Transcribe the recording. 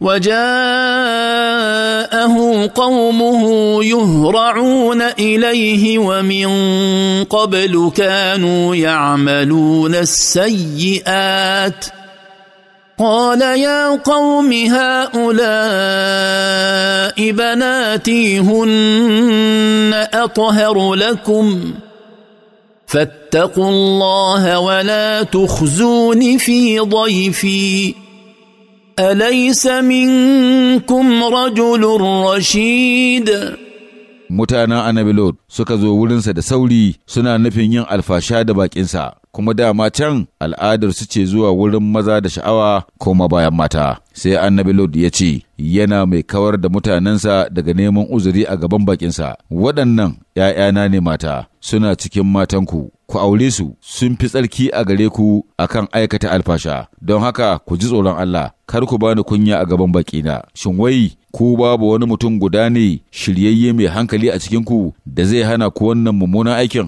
وجاءه قومه يهرعون اليه ومن قبل كانوا يعملون السيئات قال يا قوم هؤلاء بناتي هن اطهر لكم فاتقوا الله ولا تخزون في ضيفي أليس منكم رجل رشيد mutanen annabi Lot suka zo wurinsa da sauri suna nufin yin alfasha da bakinsa kuma dama can al'adar su ce zuwa wurin maza da sha'awa ko bayan mata sai annabi Lot ya ce yana mai kawar da mutanensa daga neman uzuri a gaban bakinsa waɗannan ‘ya'yana ne mata suna cikin matanku ku aure su sun fi tsarki a gare ku akan aikata alfasha don haka ku ji tsoron Allah kar ku bani kunya a gaban bakina, shin wai ku babu wani mutum guda ne shiryayye mai hankali a cikinku da zai hana ku wannan mummunan aikin?